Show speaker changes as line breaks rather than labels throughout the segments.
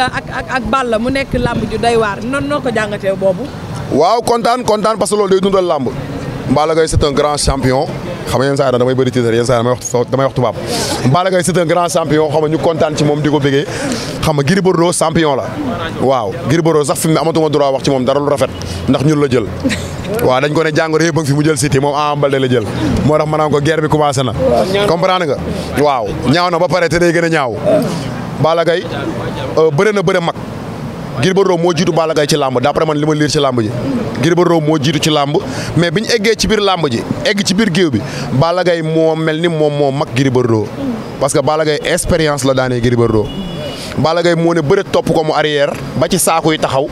ak ak la Balla mu nekk làmb ju doy waar noonu noo ko jàngatee boobu. waaw kontaan kontaan parce que loolu day dundal làmb Balla Gaye c'est un grand champion xam nga yenn saa yi damay bëri titre yenn saa yi damay wax damay wax tubaab Balla Gaye c'est un grand champion xam nga ñu kontaan ci moom di ko bëggee xam nga Gris Bordeaux champion la waaw Gris Bordeaux sax fi mu ne amatuma droit wax ci moom dara lu rafet ndax ñun la jël. waaw dañ ko ne jàngoro yëpp a ngi mu jël Siteu moom Ama Baldé la jël moo tax ma ko commencé na comprendre nga waaw ñaaw na ba pare te gën a ñaaw Balla gay euh, bëre na bëre mag Gris Bordeaux moo jiitu Balla Gaye ci làmb d'après man li ma liir ci làmb ji Gris Bordeaux moo jiitu ci làmb mais bi ñu eggee ci biir làmb ji egg ci biir géew bi Balla Gaye moo mel ni moom moo mag Gris Bordeaux parce que Balla gay expérience la daanee Gris Bordeaux Balla Gaye moo ne bëre topp ko mu arrière ba ci saaku yi taxaw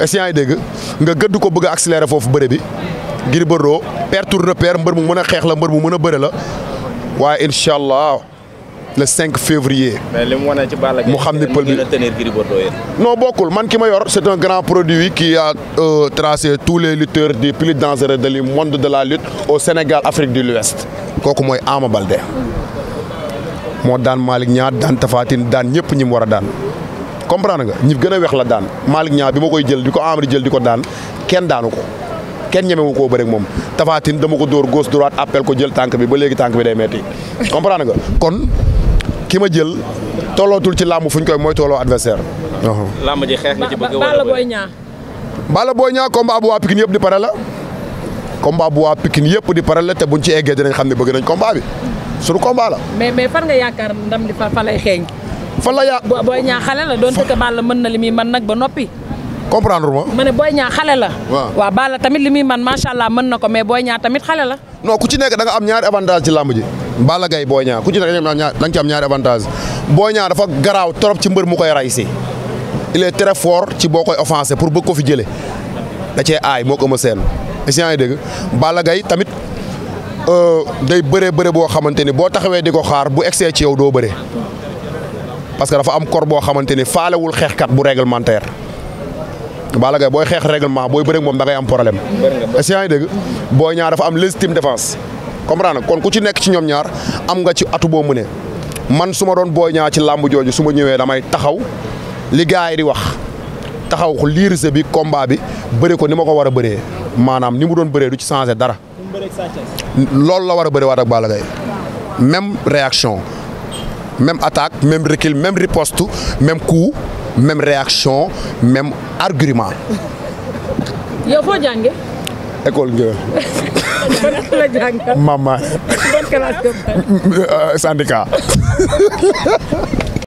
essayant yi dégg nga gëdd ko bëgg a foofu bëre bi Gris Bordeaux perte repère mbër mu mën a xeex la mbër mu mën a bëre la waaye incha allah le 5 février. mais li mu wane xam ni pël bi non bokkul man ki ma yor c' est un grand produit qui a euh, tracé tous les lutteurs des plus dangereux du monde de la lutte au Sénégal Afrique de l'Ouest kooku mooy Ama Baldé moo daan Malick Niang daan Tapha daan ñëpp ñi mu war a daan comprendre nga ñi gën a wex la daan Malick Niang bi ma koy jël di ko Amady jël di ko daan kenn daanu ko kenn ñemewu koo bëri moom Tapha dama ko door gauche droite appel ko jël tànk bi ba léegi tànk bi day metti comprendre nga ki ma jël tollootul ci làmb fuñ koy mooy tolloo adversaire. Uh-huh. làmb ji xeex nga ci bëgg wala booy ñaa. Balla Boy bu waa Pikine yëpp di pare la combat bu waa Pikine yëpp di pare la te buñ ci eggee dinañ xam ne bëgg nañ combat bi suñu combat la. mais mais nga yaakaar ndam di fa fa lay xeeñ. fan la yaa Boy Niang xale la doon tëkk Balla mën na li muy mën nag ba noppi. comprendre ma. ma ne Boy Niang xale la. waaw waaw Balla tamit li man macha allah mën na ko mais booy Niang tamit xale la. non ku ci nekk da nga am ñaari avantage ci làmb ji Balla Gaye Boy Niang ku ci nekk da nga ci am ñaari avantage Boy Niang dafa garaaw trop ci mbër mu koy ray si il est ci boo koy offensé pour bëgg ko fi jëlee da cee aay moo ko ma seen si yaa ngi dégg Balla gay tamit euh, day bëree bëre boo xamante ni boo taxawee di ko xaar bu egsee ci yow doo bëre parce que dafa am kor boo xamante ni faalewul xeexkat bu réglementaire. Balla Gaye booy xeex règlement booy bëreeg moom da ngay am problème. est-ce dégg booy ñaar dafa am légitime défense. comprendre nga kon ku ci nekk ci ñoom ñaar am nga ci atu boo ne man su ma doon booy ñaar ci làmb jooju su ma ñëwee damay taxaw li yi di wax taxaw liirse bi combat bi bëri ko ni ma ko war a bëree maanaam ni mu doon bëree du ci changé dara. loolu la war a bëri waat ak Balla même réaction même attaque même recul même riposte même coup. même réaction même argument. yow foo jàngee. école Ngéwél. ban la jàngee. maman. ban classe euh,